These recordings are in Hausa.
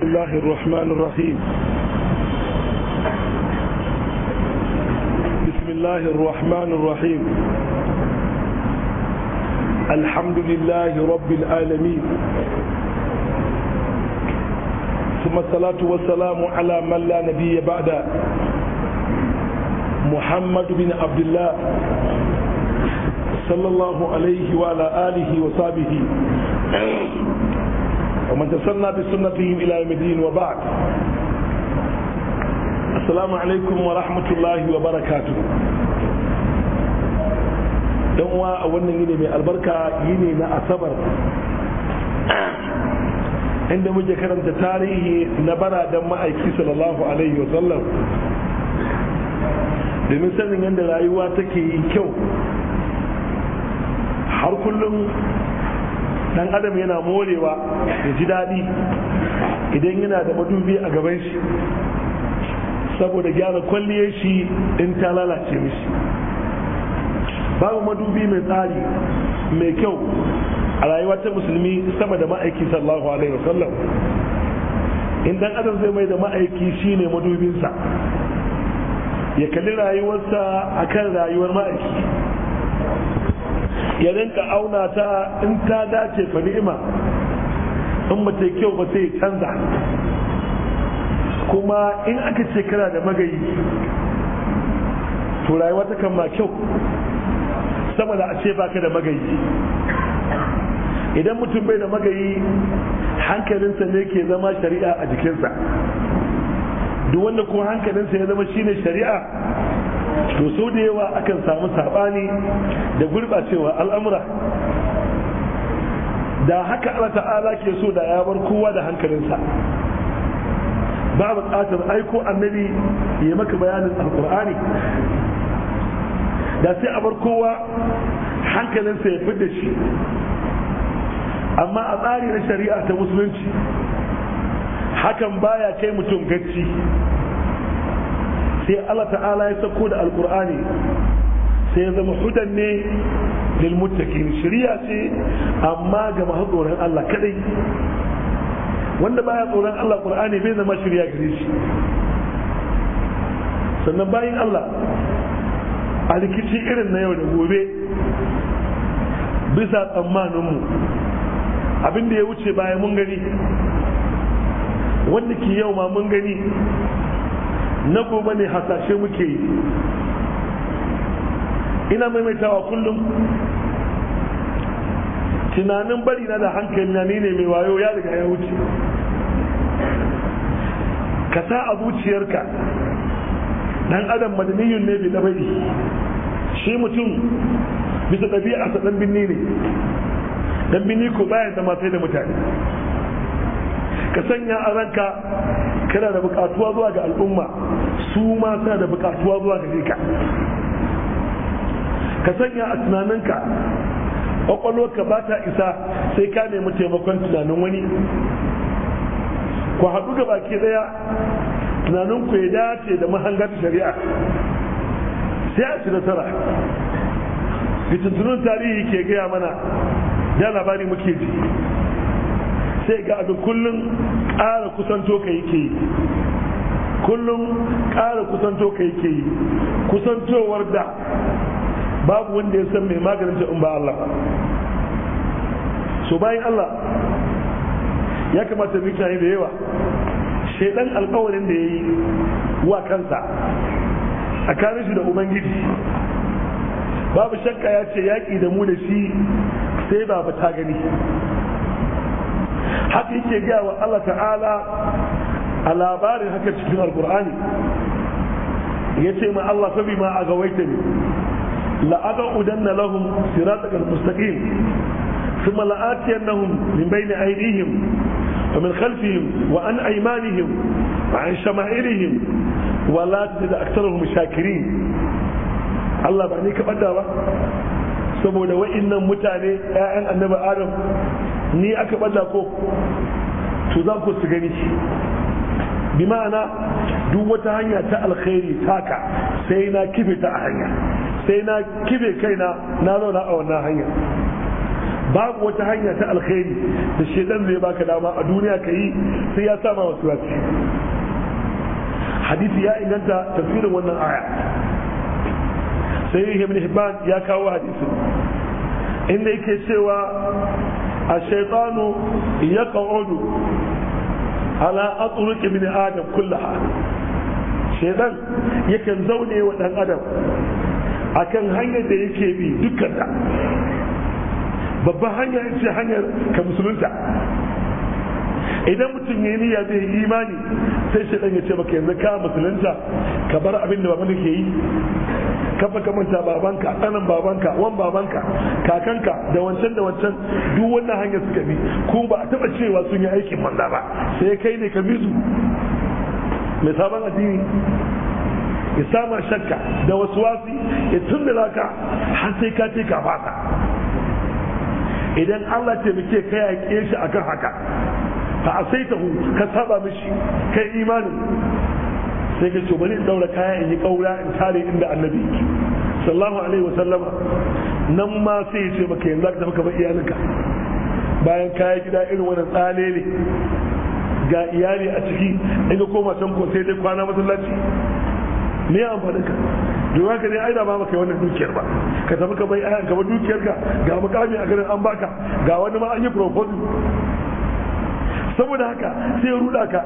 بسم الله الرحمن الرحيم بسم الله الرحمن الرحيم الحمد لله رب العالمين ثم الصلاة والسلام على من لا نبي بعد محمد بن عبد الله صلى الله عليه وعلى آله وصحبه ومن تسنى بسنتهم إلى يوم الدين وبعد السلام عليكم ورحمة الله وبركاته a wannan yini mai albarka yini na asabar inda muke karanta tarihi na bara dan ma'aiki sallallahu alaihi wa sallam domin sanin yadda rayuwa take yi kyau har kullum dan adam yana morewa ya ji daɗi idan yana da madubi a gaban shi saboda gyara kwalliyar shi in ta lalace mishi babu madubi mai tsari mai kyau a rayuwa ta musulmi sama da ma'aiki sallallahu alaihi wasallam in dan adam zai mai da ma'aiki shine madubinsa ya kalli rayuwarsa akan rayuwar ma'aiki ya rinka auna ta in ta dace fa ni'ima in ba ta kyau ba sai canza kuma in aka ce kana da magayi to rayuwa ta kan ma kyau sama da a ce baka da magayi idan mutum bai da magayi hankalinsa ne ke zama shari'a a jikinsa duk wanda ko hankalinsa ya zama shine shari'a to so da yawa akan samu saɓani da gurɓacewa al'amura da haka Allah ta'ala ke so da ya bar kowa da hankalinsa ba buƙatar aiko annabi ya maka bayanin alƙur'ani da sai a bar kowa hankalinsa ya fi da shi amma a tsari na shari'a ta musulunci hakan baya kai mutum gacci sai Allah ta'ala ya sako da alkur'ani sai ya zama hudan ne lil muttaqin shari'a ce amma ga masu Allah kadai wanda baya tsoron Allah Qur'ani bai zama shari'a gare shi sannan bayin Allah a rikici irin na yau da gobe bisa tsammaninmu abinda ya wuce bayan mun gani wanda ke yau ma mun gani na gobe ne hasashe muke yi ina maimaitawa kullum tunanin bari na da hankali na ne mai wayo ya daga ya wuce ka sa a zuciyarka dan adam madaniyun ne bai dabari shi mutum bisa ɗabi'a sa dan binni ne dan binni ko bayan zama sai da mutane ka sanya a ranka kana da bukatuwa zuwa ga al'umma su ma suna da bukatuwa zuwa ga ka ka sanya a tunaninka ka ba ta isa sai ka nemi taimakon tunanin wani ku haɗu ga baki ɗaya tunanin ku ya dace da mahangar shari'a sai a ci nasara fitintunin tarihi ke gaya mana ya labari muke ji sai ga abin kullum ƙara kusanto ka yake yi kullum ƙara kusanto ka yake yi kusantowar da babu wanda ya san mai maganin in ba Allah so bayan Allah ya kamata mu yi da yawa shaidan alkawarin da ya yi wa kansa a kare shi da ubangiji babu shakka ya ce yaƙi da mu da shi sai ba ta gani haka yake gaya wa Allah ta'ala a labarin haka cikin alkur'ani ya ce ma Allah sabi ma a gawaita ne la'aga udanna lahum siratak al-mustaqim thumma la'atiyannahum min na ainihim wa min khalfihim wa an aymanihim wa an shama'ilihim wa la da aktarar mushakiri Allah ba ni ka bada ba saboda wa'annan mutane 'ya'yan annabi Adam ni aka balla ko to za ku su gani bi ma'ana duk wata hanya ta alkhairi taka sai na kibe ta a hanya sai na kibe kaina na zauna a wannan hanya babu wata hanya ta alkhairi da shedan zai baka dama a duniya ka yi sai ya sama wasu hadisi ya inganta tafsirin wannan aya sai ibn hibban ya kawo hadisi inda yake cewa الشيطان يقعد على أطرق من آدم كلها shaidan yakan zaune wa ɗan adam kan hanyar da yake bi dukkan ta babban hanya ce hanyar ka musulunta idan mutum ya niyya zai yi imani sai shaidan ya ce maka yanzu ka musulunta ka bar abin da baban ke yi kafa ka manta babanka ɗanan babanka wan babanka kakanka da wancan da wancan duk wannan hanyar suka bi ko ba a taɓa cewa sun yi aikin manza ba sai kai ne ka mizu mai sabon addini ya sama shakka da wasu wasi ya tumbila ka har sai ka ce ka fata idan Allah taimake ka yaƙe shi akan haka sai asaitahu ka saba mishi kai imanin sai ka ce bari in daura kaya in yi kaura in tare inda annabi yake sallahu alaihi wa sallama nan ma sai ce maka yanzu ka tafi kamar iyalinka bayan kaya gida irin wannan tsale ne ga iyali a ciki in ka koma can ko sai dai kwana masallaci me ya amfani ka domin haka ne ai da ba maka wannan dukiyar ba ka tafi ka bai ayan ba dukiyar ka ga mukami a garin an baka ga wani ma an yi proposal saboda haka sai ya ruda ka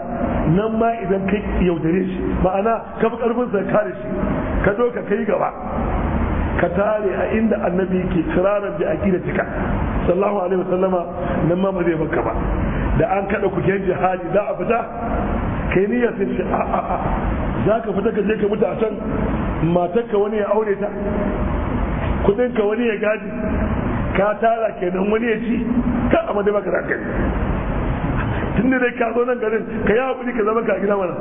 nan ma idan kai yaudare shi ma'ana ka fi karfin sa kare shi ka zo ka kai gaba ka tare a inda annabi ke kiraran da cika. sallallahu alaihi wasallama nan ma ba zai baka ba da an kada ku genji jihadi. za a fita kai niyya sai ce a a a za ka fita ka je ka mutu a can ka wani ya aure ta ka wani ya gadi ka tara kenan wani ya ci ka amma dai baka da kai tun da dai ka zo nan garin ka yi hakuri ka zama ka gida mana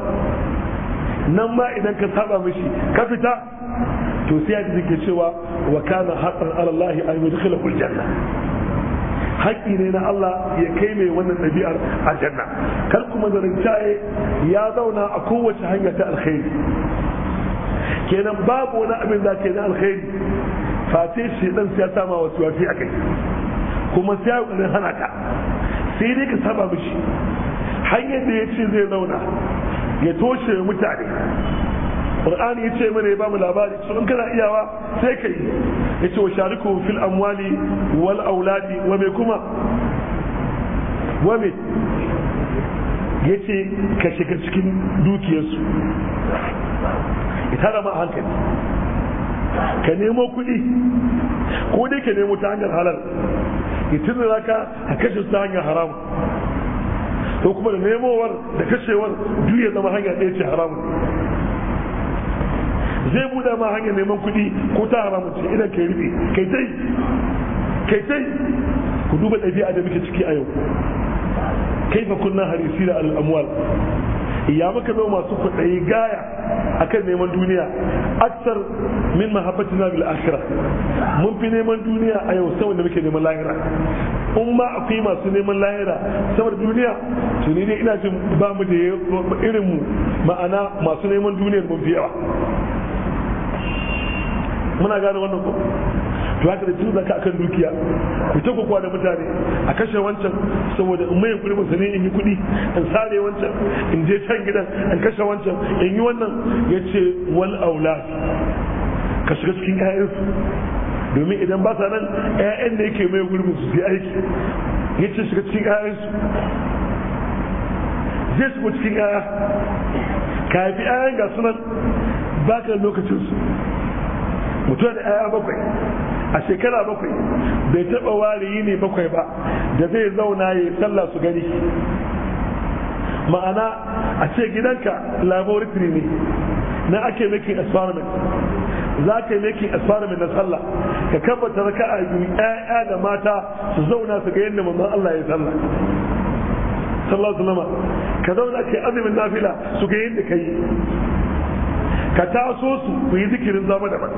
nan ma idan ka saba mishi ka fita to sai yadda ke cewa wa kana haqqan ala Allah an yudkhilahu janna? haƙƙi ne na Allah ya kai mai wannan ɗabi'ar a janna kar kuma zarincaye ya zauna a kowace hanya ta alkhairi kenan babu wani abin da ke na alkhairi face shi dan ya sama wasu wafi a kai kuma sai ya hana ka sai dai ka saba mishi hanyar da ya ce zai zauna ya toshe mutane qur'ani ya ce mana ya bamu labari su in kana iyawa sai yi." ya ce wa shariku fil amwali wal auladi wa mai kuma Wame. ya ce ka shiga cikin dukiyarsu ita rama ma hankali ka nemo kuɗi ko dai ka nemo ta hanyar halar. ya da ka a kashe ta hanyar haramu ko kuma da nemowar da kashewar duk ya zama hanyar ɗaya ce haramun zai buɗa ma hanyar neman kuɗi ko ta haram ce idan kai rufe kai tai kai tai ku duba ɗabi'a da muke ciki a yau fa kunna harisira al-amwal ya muka zo masu kuɗayi gaya akan neman duniya aksar min mahabbati na bil akhirah mun fi neman duniya a yau saboda muke neman lahira in ma akwai masu neman lahira saboda duniya to ni dai ina jin ba mu da irin mu ma'ana masu neman duniyar mun fi yawa muna gane wannan ko to haka da tun ka akan dukiya ku ta kokowa da mutane a kashe wancan saboda in mai kuɗi musulmi in yi kuɗi in sare wancan in je can gidan in kashe wancan in yi wannan ya ce wal aulad ka shiga cikin su, domin idan ba sa nan 'ya'yan da yake mai gurbin su sai aiki ya ce shiga cikin su, zai shiga cikin 'ya'ya ka haifi 'ya'yan ga sunan ba ka lokacin su da 'ya'ya bakwai a shekara bakwai bai taɓa wari yi ne bakwai ba da zai zauna ya yi sallah su gani ma'ana a ce gidanka laboratory ne na ake making experiment za ka yi making experiment na sallah ka kabbata raka a yi ƴaƴa da mata su zauna su ga yadda mamman Allah ya sallah sallallahu alaihi ka zauna ake azumin nafila su ga yadda kai ka taso su ku yi zikirin zama daban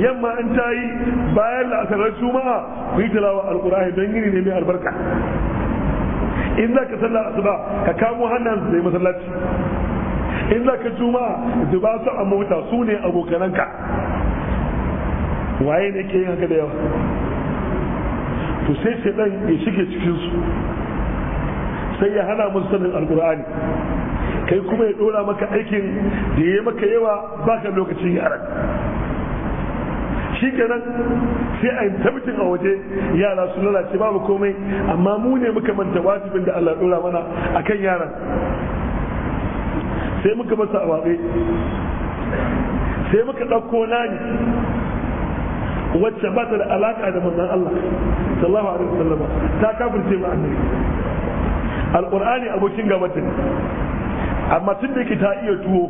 yamma in ta yi bayan la'asarar juma'a ku yi tilawa alkur'ani don yini ne mai albarka in za ka sallar asuba ka kamo hannun su yi masallaci in za ka juma'a da su a mota su ne abokananka waye ne ke yin haka da yawa to sai sai dan ya shige cikin su sai ya hana musu sanin alkur'ani kai kuma ya dora maka aikin da ya maka yawa baka lokacin yaran shi kenan sai a yi tabbatin a waje yara su lalace babu komai amma mu ne muka manta wajibin da Allah dora mana akan yaran sai muka masa a sai muka ɗauko nani wacce ba ta da alaka da manzon Allah sallallahu alaihi wasallam ta kafirce mu annabi alqur'ani abokin gabata amma tun da yake ta iya tuwo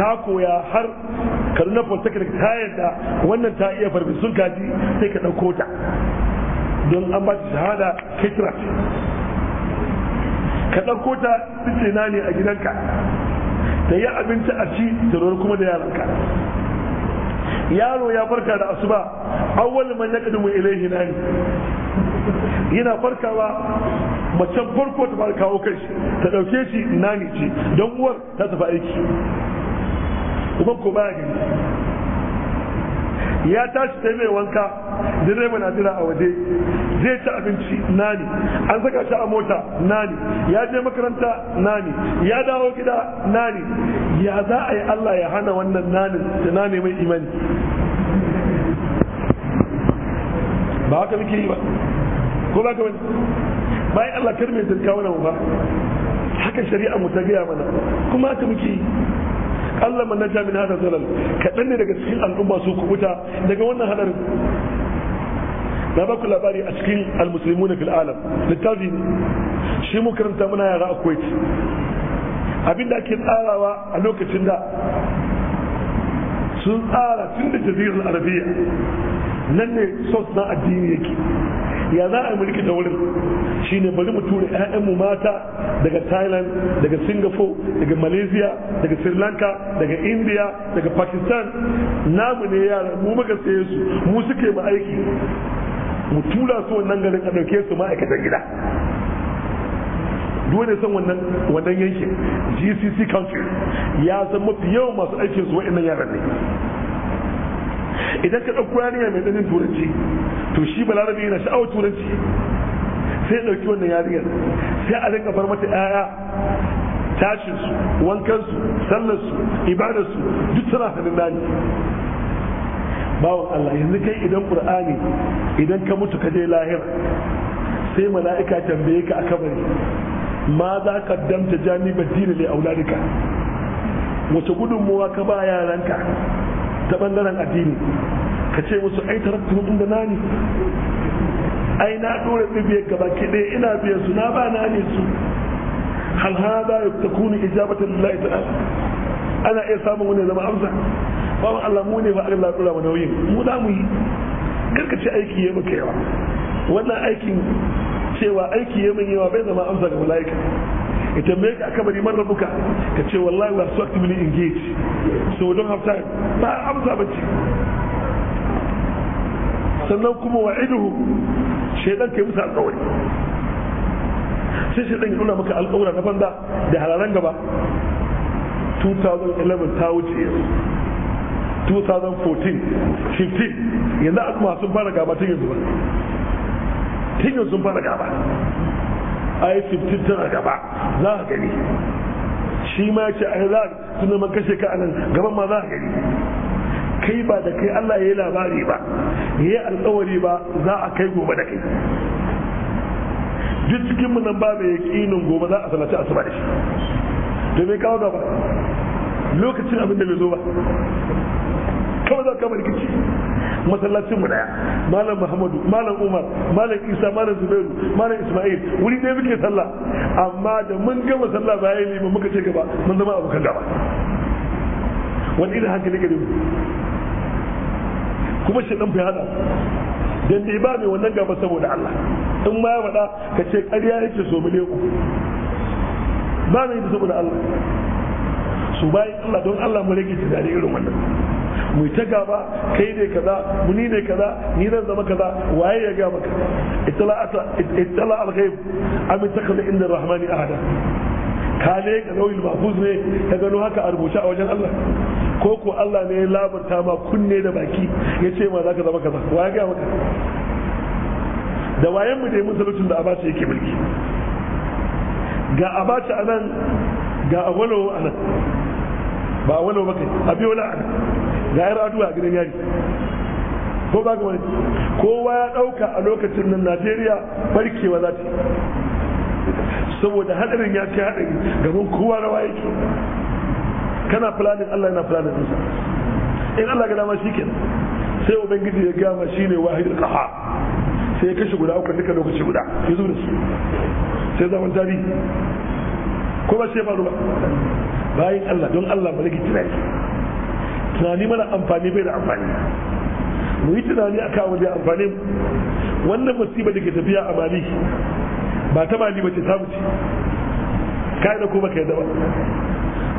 ta koya har kaduna daga ta da wannan ta iya sun kaji sai ka ɗauko ta don an ba ta shahada ketra ka ɗauko ta na ne a gidanka da yi abinci a ci da kuma da yaranka yaro ya farka da asuba awwal man yaqdumu ilayhi nani yana farkawa mace farko ta kawo kai ta dauke shi nani ce don uwar ta tafi aiki kuma ko baya gani ya tashi ta mai wanka direba na jira a waje zai ci abinci nani an saka shi a mota nani ya je makaranta nani ya dawo gida nani ya za a yi Allah ya hana wannan nanin da nane mai imani ba haka muke yi ba ko ba ka wani yi Allah kar mai zirka wani ba haka shari'a mu ta gaya mana kuma haka muke yi Allah man naja min hada zalal kadan ne daga cikin al'umma su ku kubuta daga wannan hadarin na baku labari a cikin almuslimuna fil alam littafi shi mu karanta muna yara a kuwait abinda ake tsarawa a lokacin da sun tsara tun da jazirar arabiya nan ne sos na addini yake ya za a mulki da wurin shine bari mu tura 'ya'yanmu mata daga Thailand daga Singapore daga Malaysia daga Sri Lanka daga India daga Pakistan namu ne yara mu muka saye su mu suke ma aiki mu tura su wannan garin a ɗauke su ma'aikatan gida dole san wannan wannan yankin GCC country ya san mafi yawan masu aikinsu su wa'annan yaran ne idan ka ɗauko yarinya mai tsanin turanci to shi balarabe yana sha'awar turanci sai ya ɗauki wannan yarinyar sai a rinka bar mata 'ya'ya tashinsu wankansu sallarsu ibadarsu duk tana hannun nani bawan Allah yanzu kai idan Qur'ani idan ka mutu ka je lahira sai mala'ika tambaye ka a kabari ma za ka damta jami'ar Dina ne auladika wace gudunmuwa ka ba yaranka ta bangaren addini ka ce musu ai taraktu inda nani ai na dora tsibiyar gaba ɗaya ina biyan su na ba na ne su hal hada ya takuni ijabatan lillahi ta'ala ana iya samun wani zama amsa mu Allah mu ne ba Allah dora mana nauyin mu za mu yi ce aiki ya muka yawa wannan aikin cewa aiki ya mun yawa bai zama amsa ga mala'ika ya tambaye ka kabari man rabuka ka ce wallahi we are so actively engaged so we don't have time ba amsa bace sannan kuma wa'iduhu shaidan kai musu alƙawari sai shedan ya nuna maka alƙawara na banda da halalan gaba 2011 ta wuce yanzu 2014 15 yanzu a kuma sun fara gaba tun yanzu ba tun yanzu sun fara gaba ai fitin tana gaba za a gani shi ma ce a za tunda man kashe ka anan gaba ma za a gani kai ba da kai Allah ya yi labari ba ya yi alkawari ba za a kai gobe da kai duk cikin mu nan ba mai yakinin gobe za a salaci asuba da shi to bai kawo gaba lokacin abin da bai zo ba kawai za ka bar rikici masallacin mu daya malam muhammadu malam umar malam isa malam zubairu malam isma'il wuri ɗaya muke sallah amma da mun gama sallah bayan liman muka ce gaba mun zama abokan gaba wani irin hankali gare mu kuma shi ɗan bai hada dan dai ba mai wannan gaba saboda Allah in ma ya faɗa ka ce ƙarya yake so miliyan ku, ba mai saboda Allah su bayan Allah don Allah mu rage tunani irin wannan mu ta gaba kai ne kaza mu ni ne kaza ni zan zama kaza waye ya ga maka Itala al alghayb am takhlu inda arrahmani ahada ka ne ga lawil mahfuz ne ka gano haka a rubuce a wajen Allah ko ko Allah ne ya labarta ma kunne da baki ya ce ma zaka zama kaza waye ga maka da wayen mu dai musulutun da abace yake mulki ga abace anan ga awalo anan ba awalo ba kai abi wala anan ga yar aduwa a gidan yari ko ba ga wani kowa ya ɗauka a lokacin nan najeriya barkewa za ta saboda hadarin ya ce hadari gaban kowa rawa yake kana planning allah yana planning nisa in allah ga dama shike sai ubangiji ya gama shi ne wahidul qaha sai ya kashe guda uku duka lokaci guda ya zo da su sai zaman tarihi ko ba sai faru ba bayan allah don allah ba rage tunani tunani mana amfani bai da amfani mu yi tunani a kawo da amfani wannan musiba da ke tafiya a mali ba ta mali ba ce ta wuce kai da kuma kai da ba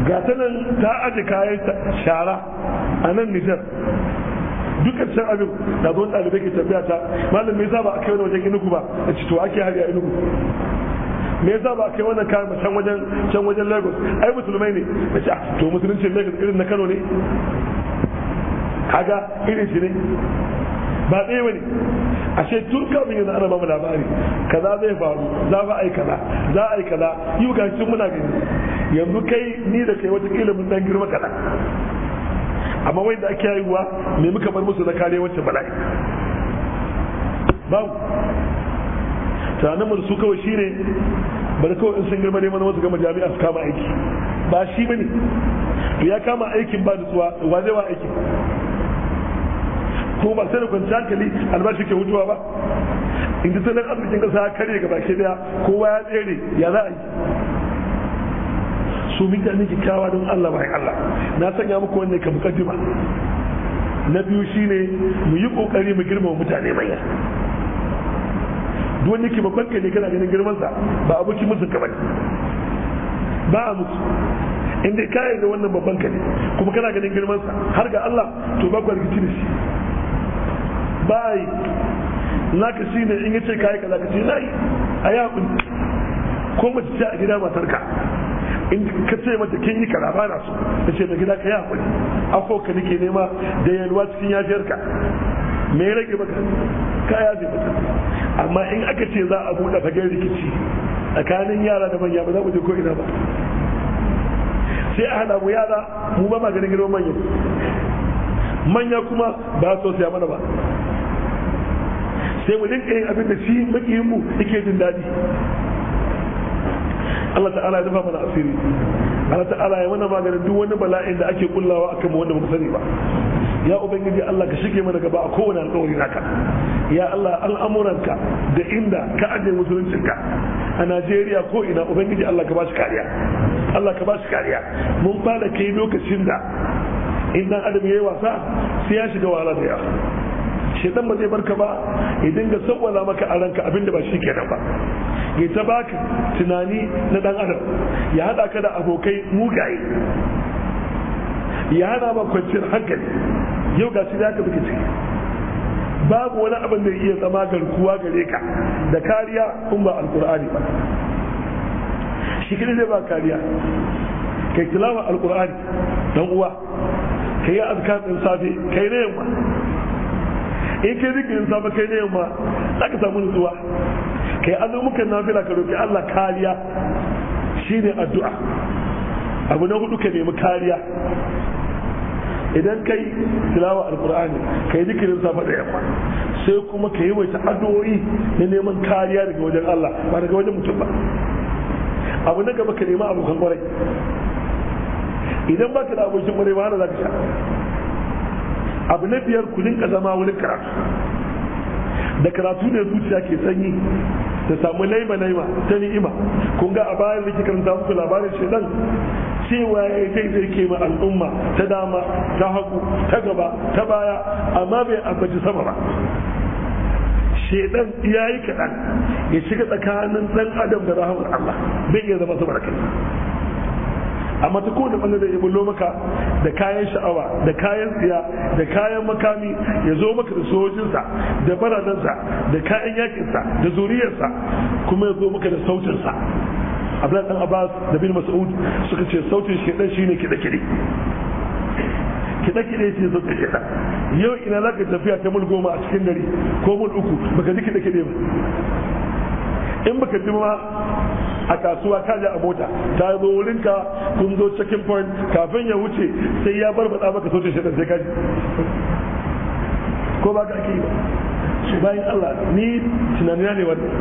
ga ta nan ta aje kayan shara a nan nijar dukkan can abin da zo ɗalibai ke tafiya ta malam me yasa ba a kai wani wajen inugu ba a ci to ake hari a inugu me yasa ba kai wannan kayan can wajen can wajen Lagos ai musulmai ne nace ah, to musulunci Lagos irin na Kano ne kaga irin shi ne ba ɗaya bane ashe tun kafin yanzu ana bamu labari kaza zai faru za fa ai kaza za ai kaza yi ga shi muna gani yanzu kai ni da kai wata kila mun dan girma kaza amma wai da ake haihuwa me muka bar musu na kare wancan bala'i babu tunanin su kawai shine bari kawai in sun girma neman wasu gama jami'a su kama aiki ba shi ba ne? to ya kama aikin ba nutsuwa wa zai wa aiki? ko ba sai da kwanci hankali albashi ke hutuwa ba in ji tattalin arzikin kasa ya karye gaba ke daya kowa ya tsere ya za a yi su ne kyakkyawa don Allah bayan Allah na sanya muku wannan ka ba na biyu shine mu yi kokari mu girmama mutane manya duk yake babban kai ne kana ganin girman sa ba ki musu ka bane ba a musu inda dai kai da wannan babban kai kuma kana ganin girman sa har ga Allah to ba ku rikici da shi bai shi ne in yace kai kaza ka ce nayi a ko mace ce a gida matarka in ka ce mata kin yi kaza ba na so ta ce mai gida ka yi haƙuri afo ka nake nema da yalwa cikin yafiyarka me ya rage maka ka yafe mata amma in aka ce za a buɗe fagen rikici tsakanin yara da manya ba za mu je ko ina ba sai a hada mu yara mu ba maganin gidan manya manya kuma ba so siya mana ba sai mu dinka yin abin da shi makiyin mu yake jin daɗi Allah ta'ala ya dafa mana asiri Allah ta'ala ya mana maganin duk wani bala'in da ake kullawa akan mu wanda ba mu sani ba ya ubangiji Allah ka shige mana gaba a kowane alƙawari naka ya Allah al'amuranka da inda ka aje musuluncinka a Najeriya ko ina ubangiji Allah ka ba shi kariya Allah ka ba shi kariya mun fara kai lokacin da idan adam ya yi wasa sai ya shiga wahala da yawa shedan ba zai barka ba ya dinga sawwala maka a ranka abinda ba shi kenan ba ya ta baka tunani na dan adam ya hada ka da abokai mugaye ya hana ba kwanciyar hankali yau ga shi aka muke ciki babu wani abin da iya zama garkuwa gare ka da kariya kun ba alkur'ani ba shi kiri zai ba kariya kai tilawa alkur'ani dan uwa kai ya azkar din safe kai ne yamma in kai zikirin safe kai ne yamma za ka samu nutsuwa kai muka nafila ka roki Allah kariya shine addu'a abu na hudu ka nemi kariya idan kai tilawa alkur'ani ka yi zikirin safa da yamma sai kuma ka yi wata addu'o'i na neman kariya daga wajen Allah ba daga wajen mutum ba abu na gaba ka nema abokan kwarai idan ba ka da abokin kwarai ba za ka sha abu na biyar ku rinka zama wani karatu da karatu ne zuciya ke sanyi ta samu laima laima ta ni'ima kun ga a bayan da karanta muku labarin shedan cewa ya kai zai ke al'umma ta dama ta hagu ta gaba ta baya amma bai ambaci sama ba shedan ya yi kaɗan ya shiga tsakanin ɗan adam da rahamar Allah bai iya zama sama da kai amma ta kowane bangare ya bullo maka da kayan sha'awa da kayan siya, da kayan makami ya zo maka da sojinsa da baranansa da kayan yakinsa da zuriyarsa kuma ya zo maka da sautinsa abdullahi dan abbas da bin mas'ud suka ce sautin shi dan shine kida kide kida kide ce zo ta kida yau ina laka tafiya ta mul goma a cikin dare ko mul uku baka ji kida kide ba in baka ji ma a kasuwa ka je a mota ta zo wurinka kun zo cikin point kafin ya wuce sai ya bar bada maka sautin shi sai kaji ko ba ka ake ba su bayan Allah ni tunanina ne wannan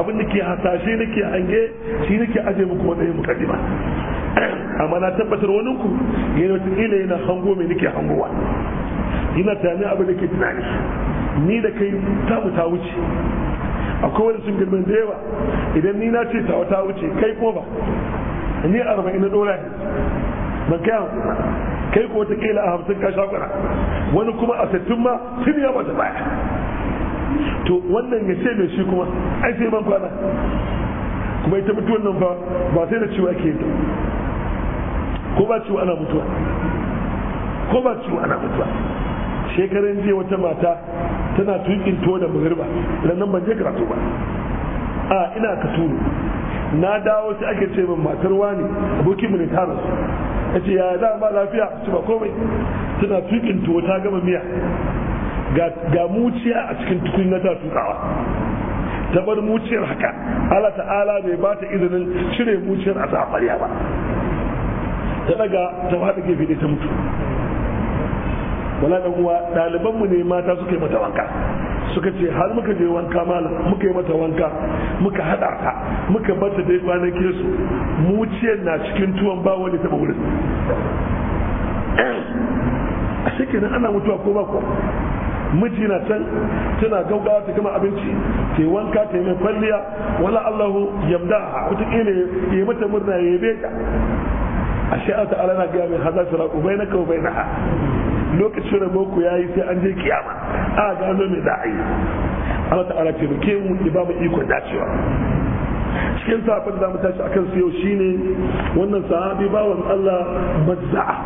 abin da ke hasashe ke hange shi ke aje muku mukaddi ba amma na tabbatar wani ku yana wata yana hango mai nake hangowa yana tunanin abin da ke tunani ni da kai mu ta wuce akwai wani sun girman da yawa idan ni na ce ta ta wuce kai ko ba ni arba'in na dora ne ban kai hamsin ba kai ko ta kila a hamsin ka sha kwana wani kuma a sattun ma sun ya bata baya to wannan ya ce mai shi kuma ai sai ban kwana kuma ita mutuwan nan fa ba sai da ciwo ake yi ko ba ciwo ana mutuwa ko ba ciwo ana mutuwa shekaran jiya wata mata tana tukin to da idan nan ban je karatu ba a ina kasuru na dawo sai ake ce min matar wani abokin mu ne ta rasu ya ce ya za ba lafiya su ba komai tana tukin tuwo ta gama miya ga muciya a cikin tukunya ta tukawa ta bar muciyar haka Allah ta'ala bai ba ta izinin cire muciyar a ta ba ta daga ta faɗi gefe ne ta mutu wala dan uwa daliban mu ne mata suka yi mata wanka suka ce har muka je wanka malam muka yi mata wanka muka hada ta muka bata dai kwanakin su mu muciyar na cikin tuwon ba wani taba wurin a shekenan ana mutuwa ko ba ko miji na can tana gaugawa ta gama abinci ke wanka ta yi mai kwalliya wala Allahu yamda kuta ne ya yi mata murna ya yi ta a Allah ta'ala na gaya mai bai na ubainaka wa na. lokacin rabonku ya yi sai an je kiyama a gano mai za a yi Allah ta'ala ce ke mu ya ba mu ikon dacewa cikin safin da mu tashi akan su yau shine wannan sahabi bawan Allah mazza'a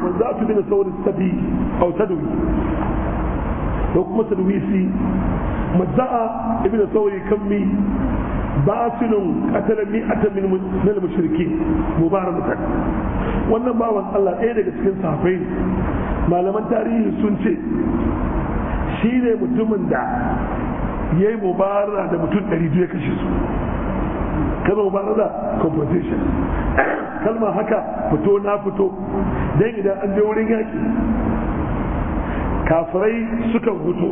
mazza'a bin sauri sabi au tadwi ko kuma tadwisi mazza'a ibn sauri kammi باطل قتل مئة من المشركين مباركة wannan bawan Allah ɗaya daga cikin safai malaman tarihi sun ce shi ne mutumin da ya yi mubara da mutum ɗari ya kashe su kalma mubaraza competition. kalma haka fito na fito don idan an je wurin yaƙi kafirai sukan fito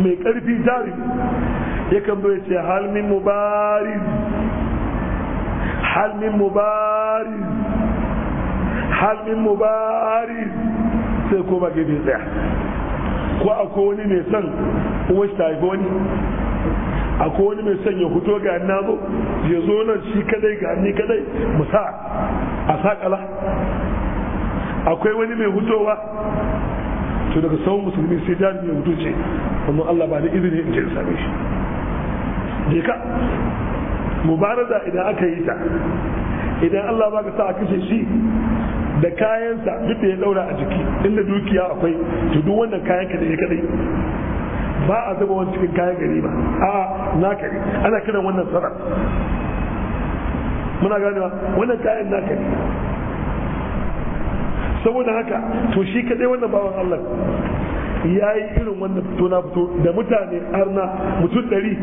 mai ƙarfi jari yakan bai ce halmin mubariz halmin mubariz halmin mubariz sai koma gidi tsaya ko akwai wani mai son kuma shi haifi wani akwai wani mai son ya fito ga na zo ya zo nan shi kadai ga ni kadai musa a sakala akwai wani mai hutowa to daga sauran musulmi sai jami'in mai hutu ce amma Allah ba da izini in ce same shi je ka mubaraza idan aka yi ta idan Allah ka sa a kashe shi da kayansa duk da ya daura a jiki inda dukiya akwai to duk wannan kayan ka da ya kadai ba a zuba wani cikin kayan gari ba a na ne ana kiran wannan sarar muna ba wannan kayan na ne saboda haka to shi kadai wannan bawan Allah ya yi irin wannan fito na fito da mutane arna mutum ɗari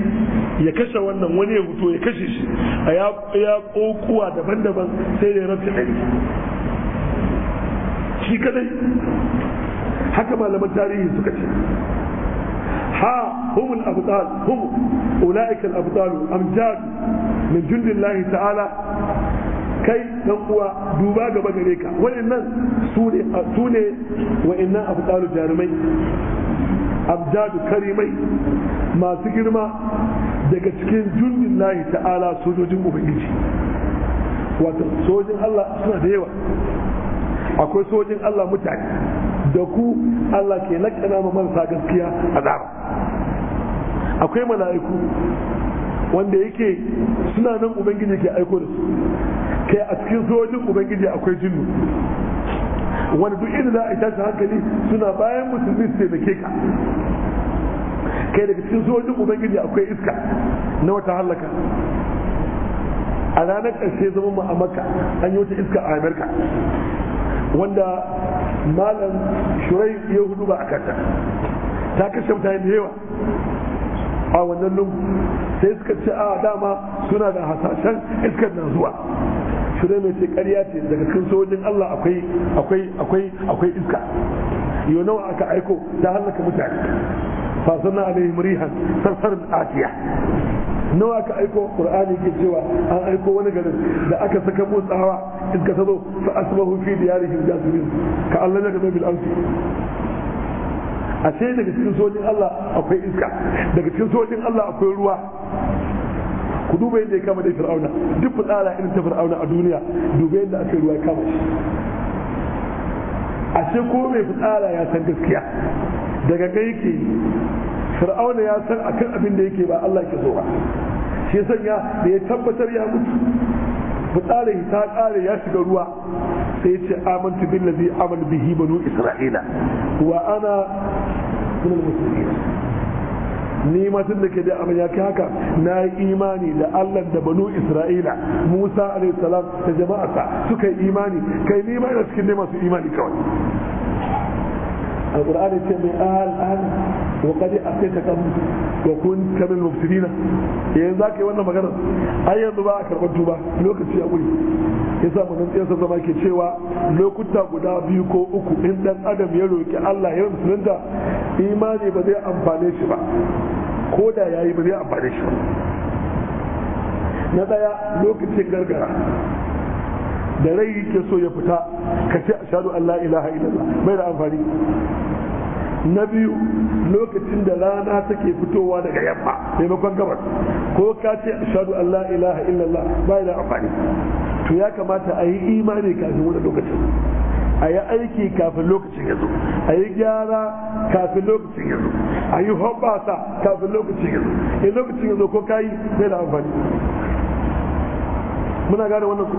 ya kashe wannan wani ya fito ya kashe shi a ya kokuwa daban-daban sai da ya rafi ɗari shi kadai haka malaman tarihi suka ce ha humul abdal hum أولئك الأبطال أمجاد من جند الله ta'ala. kai dan uwa duba gaba gare ka wannan su ne su ne waɗannan abdalu jarumai abdadu karimai masu girma daga cikin jundin lahi ta'ala sojojin ubangiji wato sojin Allah suna da yawa akwai sojin Allah mutane da ku Allah ke lakana ma marasa gaskiya azaba akwai mala'iku wanda yake suna nan ubangiji ke aiko da su kai a cikin sojin ubangiji akwai jinnu wani duk inda za a tashi hankali suna bayan musulmi su taimake ka kai daga cikin sojin ubangiji akwai iska na wata hallaka a ranar ƙarshe zama mu a maka an yi wata iska a amerika wanda malam shurai ya hudu ba a kanta ta kashe mutane da yawa a wannan lungu sai suka ce a dama suna da hasashen iskar na zuwa fireme ce ƙarya ce daga kan sojin Allah akwai akwai akwai akwai iska yau nawa aka aiko ta halaka mutane fasana alaihim rihan sarsarin atiya nawa aka aiko qur'ani ke cewa an aiko wani garin da aka saka motsawa in ka tazo fa asbahu fi diyarihim jasimin ka Allah laka bil ardi a sai daga cikin sojin Allah akwai iska daga cikin sojin Allah akwai ruwa ku duba yadda ya kama da fir'auna duk fitsara irin ta fir'auna a duniya duba yadda aka ruwa kama a ashe ko mai fitsara ya san gaskiya daga kai yake fir'auna ya san akan abin da yake ba Allah ke so ba shi sanya da ya tabbatar ya mutu fitsarin ta kare ya shiga ruwa sai ce amantu billazi amal bihi banu isra'ila wa ana min al-muslimin ni ma tun da ke da abin ya kai haka na yi imani da Allah da banu Isra'ila Musa alayhi salam da jama'arsa suka yi imani kai ni ma ina cikin ne masu imani kawai alqur'ani ce mai al wa qad asaita kam wa kunta min mufsidina yanzu zaka yi wannan magana ai yanzu ba a karɓar tuba lokaci a guri yasa mun tsaya sa zama ke cewa lokuta guda biyu ko uku in dan adam ya roki Allah ya musulunta imani ba zai amfane shi ba ko da yayi ba zai amfane shi ba na daya lokacin gargara da rai yake so ya fita ka ce ashhadu an la ilaha illallah bai da amfani na biyu lokacin da rana take fitowa daga yamma maimakon gabas ko ka ce shaɗu Allah, la ilaha illallah ba da amfani to ya kamata a yi imani kafin wani lokacin a yi aiki kafin lokacin ya zo a yi gyara kafin lokacin ya zo a yi hoɓasa kafin lokacin ya zo in lokacin ya zo ko yi bai da amfani muna gane wannan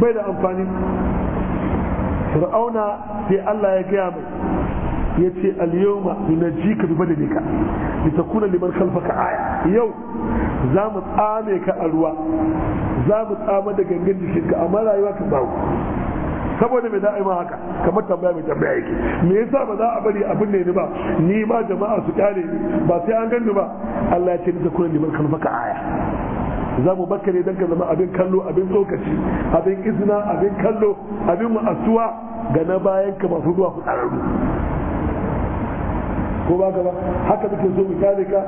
bai da amfani fir'auna sai Allah ya gaya mai ya ce na ji ka bi badanika litakuna liman khalfaka aya yau za mu tsame ka a ruwa za mu tsama da gangan jikinka amma rayuwa ka bawo saboda mai da'i ma haka kamar tambaya mai tambaya yake me yasa ba za a bari abin ne ni ba ni ma jama'a su kare ni ba sai an ganni ba Allah ya ce ni zakuna liman khalfaka aya za mu baka ne don ka zama abin kallo abin tsokaci abin izina abin kallo abin ma'asuwa ga na bayan ka masu zuwa fitsararru ko ba gaba haka muke so mu kare ka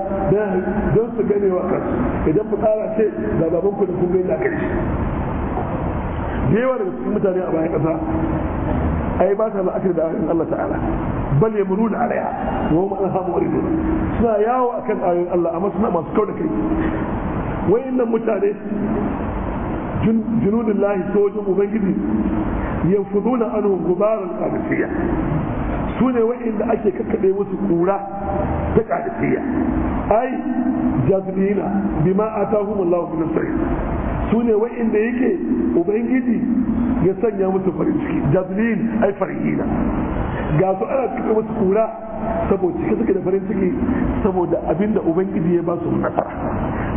don su gane wa kansu idan mu tsara ce da baban ku da kun gaida kai shi da yawa daga cikin mutane a bayan kasa ai ba ta la'akari da ayoyin Allah ta'ala bal yamrun alaiha wa ma alhamu ridu suna yawo akan ayoyin Allah amma suna masu kau da kai wayannan mutane junudullahi lahi ubangiji yanfuduna anhu gubaran qadisiyya su ne wa'inda ake kakkaɓe musu kura ta ƙadisiyya ai jazmina bima atahum Allah min sayyid su ne wa'inda yake ubangiji ya sanya musu farin ciki jazmin ai farihina ga su ana kakkaɓe musu kura saboda cike suke da farin ciki saboda abinda ubangiji ya ba su nasara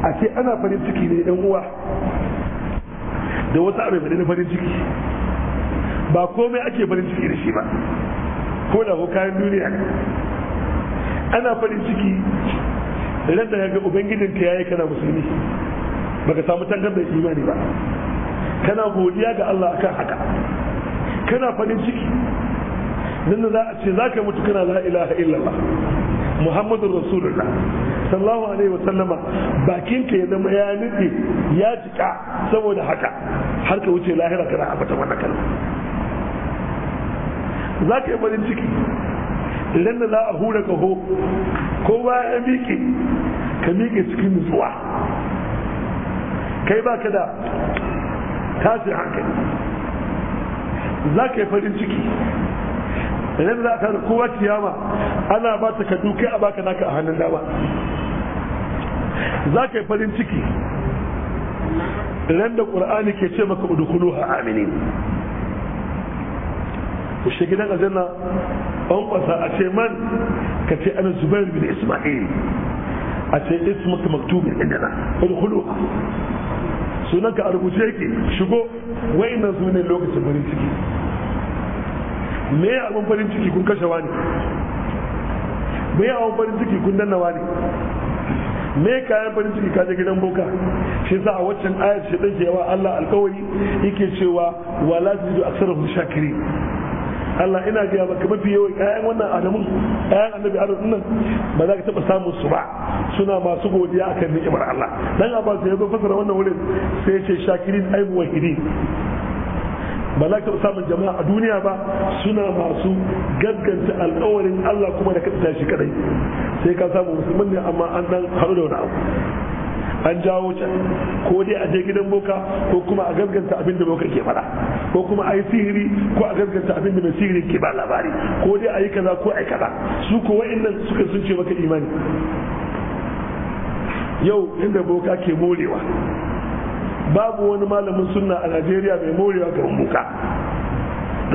ashe ana farin ciki ne yan uwa da wasu abin na farin ciki ba komai ake farin ciki da shi ba ko da kayan duniya ana farin ciki idan da ga ubangijin ka yayi kana musulmi baka samu tangar da imani ba kana godiya ga Allah akan haka kana farin ciki nan da za a ce zaka mutu kana la ilaha illallah muhammadur rasulullah sallallahu alaihi wa sallama bakin ka ya zama ya nufi ya jika saboda haka har ka wuce lahira kana abata wannan kalma za ka yi farin ciki idan da za a hura ho ko ba ya miƙe ka miƙe cikin nutsuwa kai ba ka da tashin hankali za ka yi farin ciki idan za ta kowa kiyama ana ba ta kadu kai a baka naka a hannun dama za ka yi farin ciki idan da ƙura'ani ke ce maka udukulu ha aminin ku gidan aljanna an kwasa a ce man ka ce ana zubair bin isma'il a ce ismuka maktubin indana udkhulu sunanka a rubuce yake shigo wayannan su ne lokacin farin ciki me ya abin farin ciki kun kashe wani me ya abin farin ciki kun danna wani me kayan farin ciki kaje gidan boka shi za a waccan ayar shi dan yawa Allah alkawari yake cewa wala tajidu aksarahum shakirin Allah ina gaya maka mafi yawan ƴaƴan wannan adamu ƴaƴan annabi adam nan ba za ka taɓa samun su ba suna masu godiya akan ni'imar Allah dan Abbas ya zo fasara wannan wurin sai ya ce shakirin aibu wahidi ba za ka samun jama'a a duniya ba suna masu gaggance alkawarin Allah kuma da kada shi kadai sai ka samu musulmin ne amma an dan haɗu da wani abu an jawo can ko dai a je gidan boka ko kuma a gaskanta abin da boka ke faɗa ko kuma a yi sihiri ko a gaskanta abin da mai sihiri ke ba labari ko dai a yi kaza ko a yi kaza su ko wa'annan suka sun ce maka imani yau inda boka ke morewa babu wani malamin sunna a najeriya mai morewa ga boka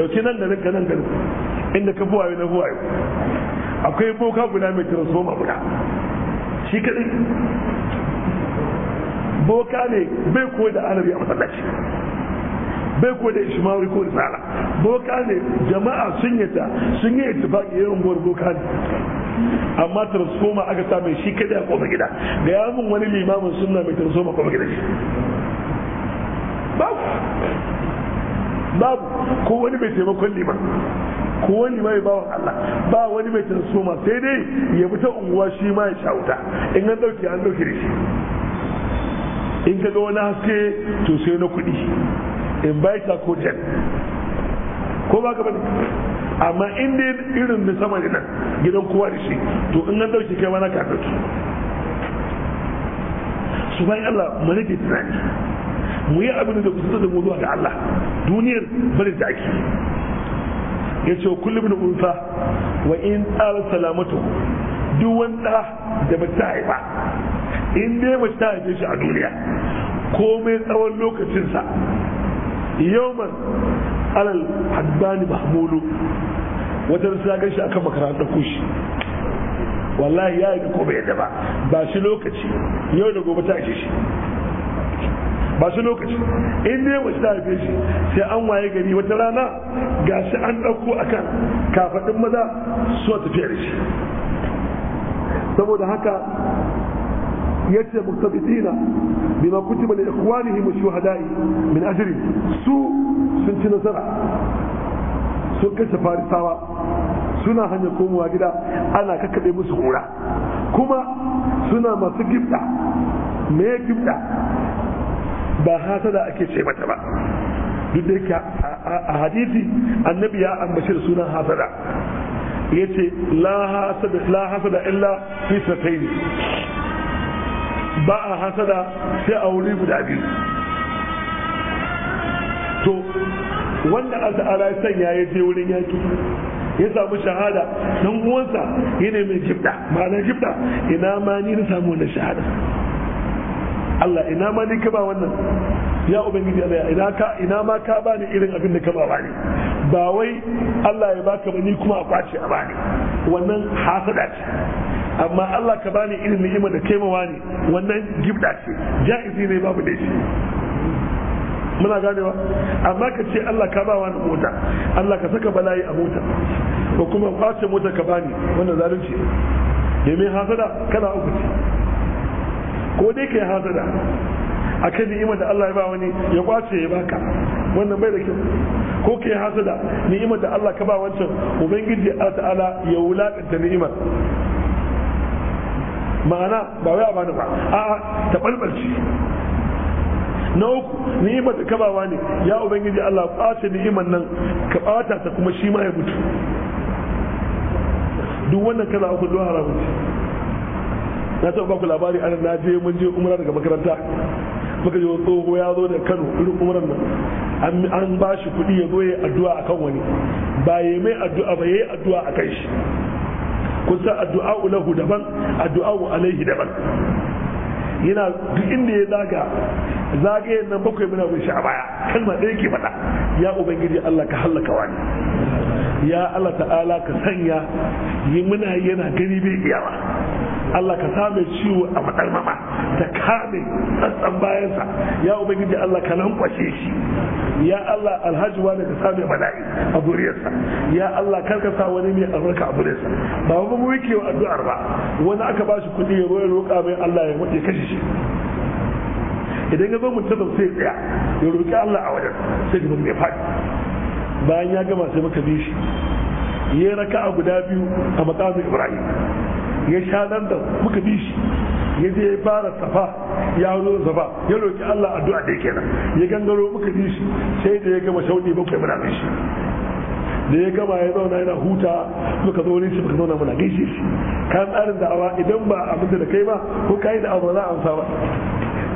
dauki nan da nan nan inda ka buwaye na buwaye akwai boka guda mai transformer guda shi kadai boka ne bai koyi da arabi a masallaci bai koyi da ishmawi ko risala boka ne jama'a sun ta sun yi ittifaqi yawan buwar boka ne amma transformer aka sa mai shi kada ya koma gida ga ya mun wani limamin suna mai transformer koma gida babu babu ko wani mai taimakon liman ko wani mai bawan Allah ba wani mai transformer sai dai ya fita unguwa shi ma ya sha wuta in an dauke an dauke da shi in ka ga wani haske to sai na kuɗi in bai ka ko jan ko ba ka bane amma in dai irin da sama ne nan gidan kowa da shi to in nan dauke kai mana ka dauke su bayan Allah mu rage tunani mu yi abin da kusa da mu zuwa ga Allah duniyar bari da ake ya ce kullum da unfa wa in tsara salamatu duk wanda da ba ta haifa in dai mace ta haife shi a duniya komai tsawon lokacinsa yawman alal hadbani mahmulu wajen sa gan shi aka makaranta kushi wallahi ya yi komai yadda ba ba shi lokaci yau da gobe ta ishe shi ba shi lokaci in dai wasu ta haife shi sai an waye gari wata rana ga shi an ɗauko a kan kafaɗin maza su tafiya da shi saboda haka yace ba muqtabidina bima kutiba li ikhwanihim shuhada'i min ajri su sun ci nasara sun kashe farisawa suna hanyar komawa gida ana kakaɓe musu kura kuma suna masu gifta me gifta ba hasada ake ce mata ba duk da yake a hadisi annabi ya ambaci da sunan hasada ya ce la hasada illa fi sataini ba a hasada sai a wuri guda biyu to wanda Allah ya sanya ya je wurin yaki ya samu shahada dan uwansa ne mai jibda ma'ana jibda ina ma ni na samu wannan shahada Allah ina ma ni ka ba wannan ya ubangiji Allah ina ka ina ma ka ba ni irin abin da ka ba bani ba wai Allah ya baka ba ni kuma a kwace a bani wannan hasada ce amma Allah ka bani irin ni'ima da kaimawa ne wannan gibda ce ja'izi ne babu da shi muna ba amma ka ce Allah ka ba wani mota Allah ka saka bala'i a mota ko kuma kwace mota ka bani wannan zalunci mai hasada kana uku ce ko dai kai hasada akan ni'imar da Allah ya ba wani ya kwace ya baka wannan bai da kyau ko kai hasada ni'imar da Allah ka ba wancan ubangiji Allah ta'ala ya wulakanta ni'imar ma'ana ba wai a bani ba a'a ta balbalci na uku ni'imar da kabawa ne ya ubangiji Allah ɓace ni'imar nan ka ɓata ta kuma shi ma ya mutu duk wannan kala uku zuwa haramun na taɓa baku labari ana na je mun je umra daga makaranta muka je tsoho ya zo da Kano irin umran nan an ba shi kuɗi ya zo ya addu'a akan wani ba ya mai addu'a ba ya yi addu'a akan shi kun san addu'a lahu daban addu'a alaihi daban yana duk inda ya zaga zagayen nan bakwai muna bin shi a baya kalma ɗaya ke faɗa ya ubangiji Allah ka hallaka wani ya Allah ta'ala ka sanya yi muna yana gani bai iyawa Allah ka same ciwo a matsalmama ta kame tsantsan bayansa ya ubangiji Allah ka lankwashe shi ya Allah alhaji wani ka same mala'i a zuriyarsa ya Allah Karka sa wani mai albarka a zuriyarsa ba ba mu yake wa addu'ar ba wani aka ba shi kuɗi ya roƙa roƙa mai Allah ya mutu kashe shi idan ya zo mutum sai tsaya ya roƙi Allah a wajen sai ka mutum ya faɗi bayan ya gama sai muka bi shi ya raka'a guda biyu a matsayin Ibrahim ya sha nan da muka bi shi ya je ya fara safa ya zo safa ya roki Allah addu'a dai kenan ya gangaro muka ji shi sai da ya gama shauɗi bakwai muna mai shi da ya gama ya zauna yana huta muka zo wurin shi muka zauna muna gaishe shi kan tsarin da'awa idan ba mutu da kai ba ko ka yi da ba za a amsa ba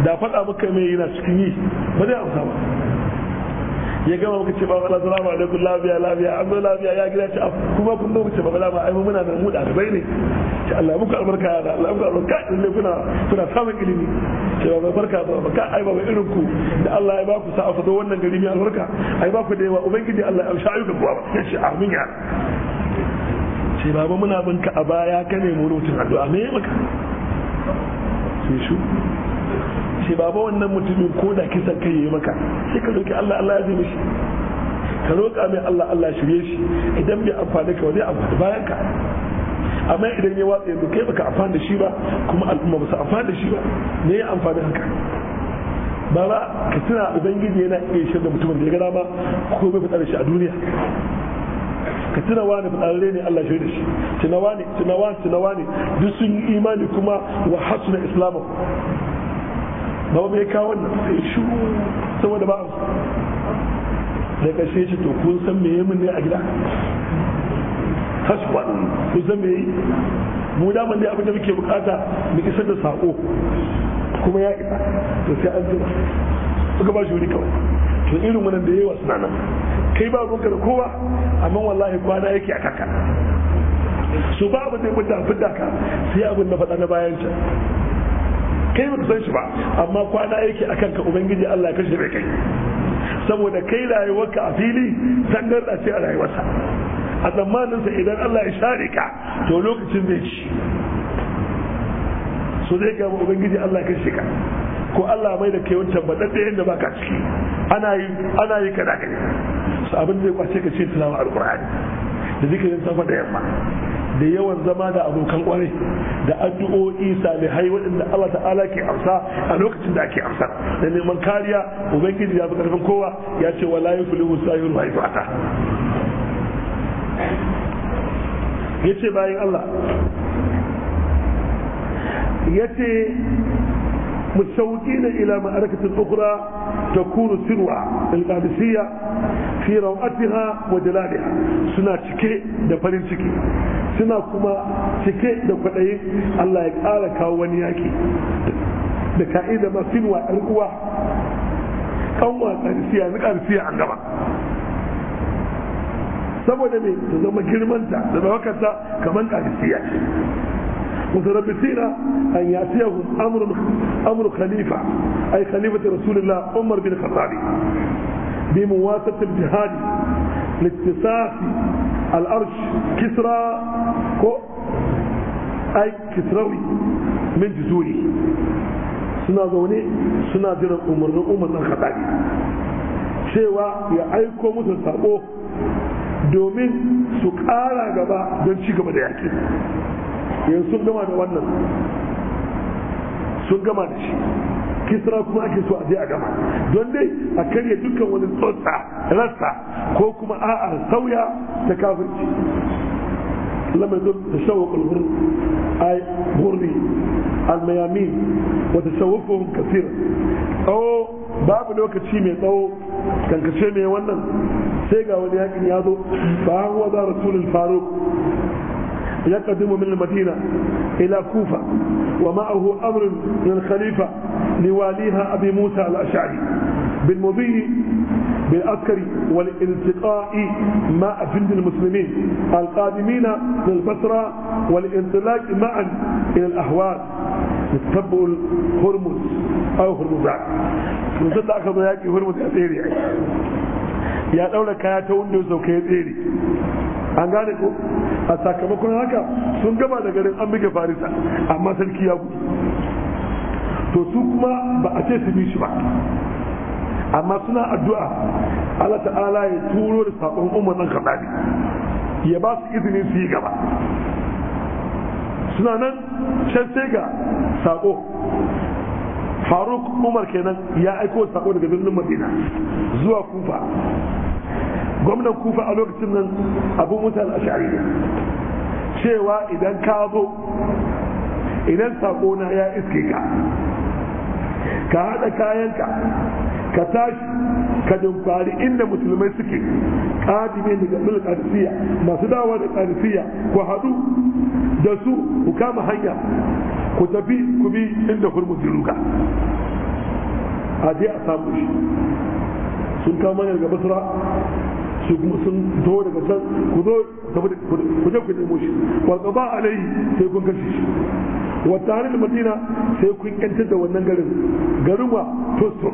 da faɗa muka mai yana cikin yi ba zai amsa ba ya gama muka ce ba salamu alaikum lafiya lafiya an zo lafiya ya gida abu ah, kuma kun zo muka ce ba wala muna da mu bai ne ce Allah muku albarka ya Allah muku albarka ne kuna kuna samun ilimi ce ba barka ba ka ai ba irin ku da Allah ya ba ku sa'a da wannan gari mai albarka ai ba ku da yawa ubangiji Allah ya amshi ayyuka ba ya ce amin ya ce baba muna binka a baya ka ne mu rutun addu'a me maka sai shi ce baba wannan mutumin ko da kisan kai yi maka sai ka roki Allah Allah ya zai mishi ka roƙa mai Allah Allah shirye shi idan bai amfani ka wani amfani bayan ka amma idan ya watsa yanzu kai baka amfani da shi ba kuma al'umma ba su amfani da shi ba me ya amfani haka Ba ba ka tuna ubangiji yana iya da mutumin da ya gada ba ko bai fitar da shi a duniya ka tuna wani fitsararre ne Allah da shi tuna wani tuna wani tuna wani duk sun yi imani kuma wa na islamu ba mai kawo wannan sai shi saboda ba da kashe shi to kun san me yamin ne a gida hasban kun san me mu da mun dai abin da muke bukata mu isar da sako kuma ya isa to sai an jira suka ba shi wuri kawai to irin wannan da yawa suna nan kai ba ruwanka da kowa amma wallahi kwana yake a kaka su ba abin da ya fidda ka sai abin da faɗa na bayan can kai baka san shi ba amma kwana yake akan ka ubangiji Allah ya kashe bai kai saboda kai rayuwarka a fili da ce a rayuwarsa a tsammaninsa idan Allah ya share ka to lokacin zai ci so zai ga ubangiji Allah ya kashe ka ko Allah mai da kai wancan da yadda ba ciki ana yi ana yi kana gani su abin da ya kwace ka ce tilawa alƙur'ani da zikirin safa da yamma da yawan zama da abokan kwarai da addu'o'i salihai waɗanda Allah ta'ala ke amsa a lokacin da ake amsa da neman kariya ubangiji ya fi karfin kowa ya ce wala yuflihu sahiru wa ifata yace bayan Allah yace متشوقين إلى معركة أخرى تكون سروة القادسية في روعتها وجلالها سنة شكي دفلين شكي سنة كما شكي دفلين الله يقال كاوانياكي دكائد ما سنوى القوة قوة القادسية القادسية عندما saboda ne ta zama girmanta da dawakarta kamar ƙarisiya ce mutarabbitina an yasiyahu amrun أمر خليفة أي خليفة رسول الله عمر بن الخطاب بمواسطة الجهاد لاكتساح الأرش كسرى أي كسروي من جزوره suna zaune suna jiran umarnin umarnin cewa ya aiko musu sako domin su ƙara gaba don ci gaba da yaki yanzu gama da wannan sun gama da shi kisra kuma ake so a je a gama don dai a karya dukkan wani tsotsa rasa ko kuma a'a sauya ta kafirci lamar zo ta shawo kulhur al-Mayami wata shawo kulhur kasir tsawo babu lokaci mai tsawo kankace mai wannan sai ga wani yakin ya zo ba hawa za rasulun faruk ya kadimu min madina إلى كوفة ومعه أمر من الخليفة لواليها أبي موسى الأشعري بالمضي بالعسكر والالتقاء مع جند المسلمين القادمين للبصرة والانطلاق معا إلى الأحوال يتبع الهرمز أو هرمزات نزل أخذ ذلك هرمز أثيري يعني. ya daura kaya ta windows أنا kai tsere a sakamakon haka sun gaba da garin an buge farisa amma sarki ya gudu to su kuma ba a ce su bi shi ba amma suna addu'a Allah ta'ala ya turo da sakon umar nan kadari ya ba su izini su yi gaba suna nan can sai ga sako faruk umar kenan ya aiko sako daga birnin madina zuwa kufa gwamnan kufa a lokacin nan abu a sha'ari cewa idan ka zo idan sakona ya iske ka ka haɗa kayanka ka tashi ka dumfari inda musulmai suke kadime daga bil ƙarfiya masu dawa da ƙarfiya ku haɗu da su ku kama hanya ku tafi ku bi inda hurmus ruka a je a samu shi sun kama ne daga su sun taho daga can ku zo ku je ku nemo shi wal qada alai sai kun kashe shi wa taril madina sai kun yantar da wannan garin garin wa tusur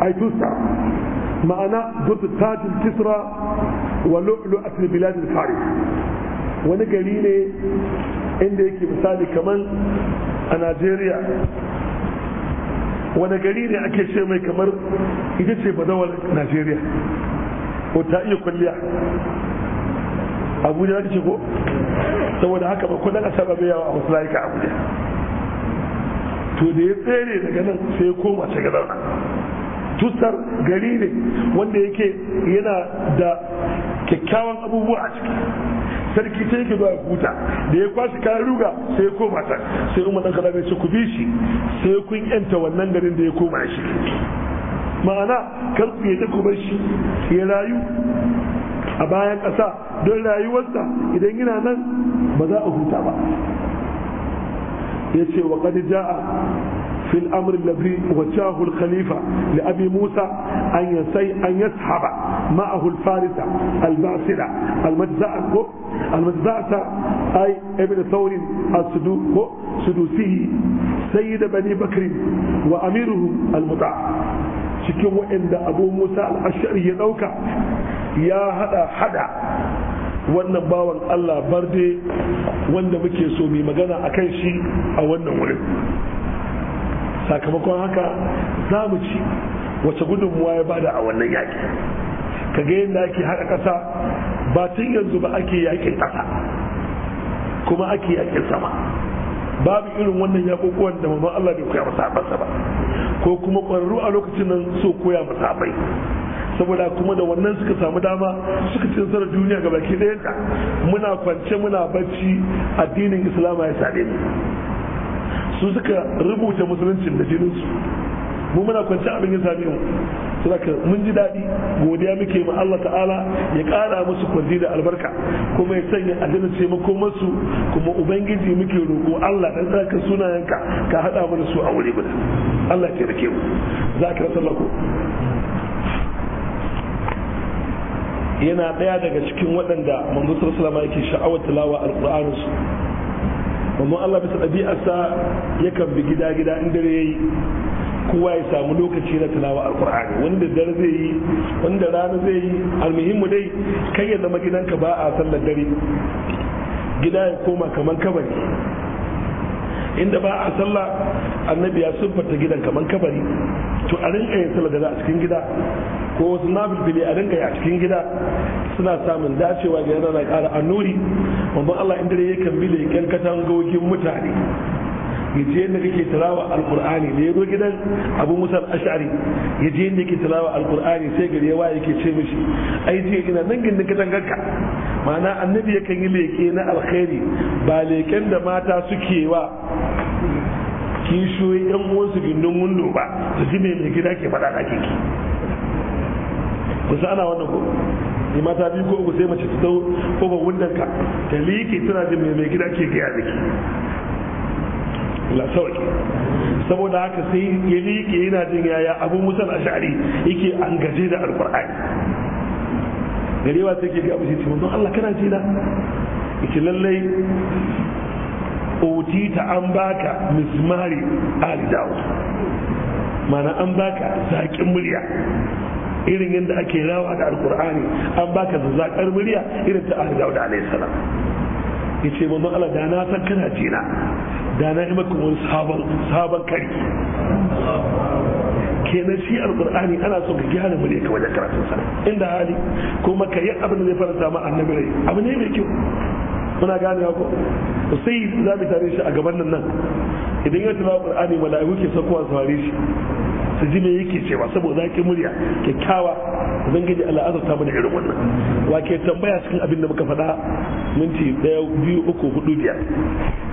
ai tusa ma'ana zurtu tajin kisra wa lu'lu'atul bilad al-faris wani gari ne inda yake misali kamar a Najeriya wani gari ne ake ce mai kamar ita ce badawar Najeriya ko ta iya kulliya abuja za ta ce ko saboda haka ba kudin a bai yawa a wasu layuka abuja to da ya tsere daga nan sai ya koma ta gari ne wanda yake yana da kyakkyawan abubuwa a ciki sarki ta yake zuwa huta da ya kwashi kayan ruga sai ya koma ta sai umar dan kalabe su ku bi shi sai kun yanta wannan garin da ya koma shi ma'ana karfi ya tako bar shi ya rayu a bayan ƙasa don rayuwarsa idan yana nan ba za a huta ba ya ce wa ƙadi ja'a fi al'amur labi cahul khalifa da abi musa an yi sai an yi sahaba ma'ahul farisa al-basira al-majza'a ko al-majza'a ai ibn thawrin as-sudu ko sudusi sayyid bani bakr wa amiruhu al-muta'a cikin waɗanda abu musa al'ashari ya ɗauka ya haɗa-haɗa wannan bawan allah barde wanda muke so mai magana a kan shi a wannan wurin sakamakon haka za mu ci wace gudunmuwa ya bada a wannan yaƙi ka ga yadda ake haɗa ƙasa ba tun yanzu ba ake yaƙin ƙasa kuma ake yaƙin sama babu irin wannan yakokuwan da mamman Allah bai koya masa ba ko kuma ƙwararru a lokacin nan so koya masa bai saboda kuma da wannan suka samu dama suka ci nasarar duniya ga baki ɗayanta muna kwance muna bacci addinin islam ya sare mu su suka rubuta musuluncin da jininsu mu muna kwanci abin ya same mu mun ji daɗi godiya muke ma Allah ta'ala ya ƙara musu kwanci da albarka kuma ya sanya aljanna ce mako masu kuma ubangiji muke roƙo Allah dan zaka sunayenka ka haɗa mana su a wuri guda Allah ya rike mu ka rasa lako yana ɗaya daga cikin waɗanda manzo sallallahu alaihi yake sha'awar tilawa alqur'anin su amma Allah bisa ɗabi'arsa yakan bi gida gida in dare yayi kowa ya samu lokaci na tilawa alkur'ani wanda dare zai yi wanda rana zai yi almuhimmu dai kai ya zama gidanka ba a sallar dare gida ya koma kamar kabari inda ba a sallah annabi ya siffata gidan kamar kabari to a rinka yin sallar da a cikin gida ko wasu nafilfili a rinka yi a cikin gida suna samun dacewa ga yana na ƙara annuri wanda Allah inda ya kan da kyankatan gogin mutane ya je yadda kake tilawa alqur'ani da ya zo gidan abu musa ash'ari ya je yadda yake tilawa alqur'ani sai gari ya waye ke ce mishi ai je ina nan gindin tangarka ma'ana annabi kan yi leke na alkhairi ba leken da mata suke wa kishiyoyi yan uwansu gindin wundo ba su ji mai gida ke faɗa ɗakin ki kusa ana wannan ko ni mata biyu ko uku sai mace ta dau ba wundanka ta liƙe tana jin mai gida ke gaya miki la saboda haka sai ya liƙe yana jin yaya abu a ashari yake an gaje da alqur'ani garewa sai ke ga abu cikin don Allah kana jina? na lallai, lallai otita an baka mismari ali dawo. mana an baka zaƙin murya irin yadda ake rawa da alkur'ani an baka zaƙar murya irin ta ahli da alayhi salam ce manzo Allah da na san kana jina da na yi maka wani sabon ke kenan shi alkur'ani ana so ka gyara mu ne ka wajen karatun sa inda hali kuma ka yi abin da zai faranta ma annabi rai abu ne mai kyau muna gane ko sai za mu tare shi a gaban nan nan idan ya tilawa qur'ani mala'iku ke su saurare shi su ji me yake cewa saboda zaki murya kyakkyawa ubangiji Allah azurta mana irin wannan wa ke tambaya cikin abin da muka faɗa minti ɗaya biyu uku hudu biyar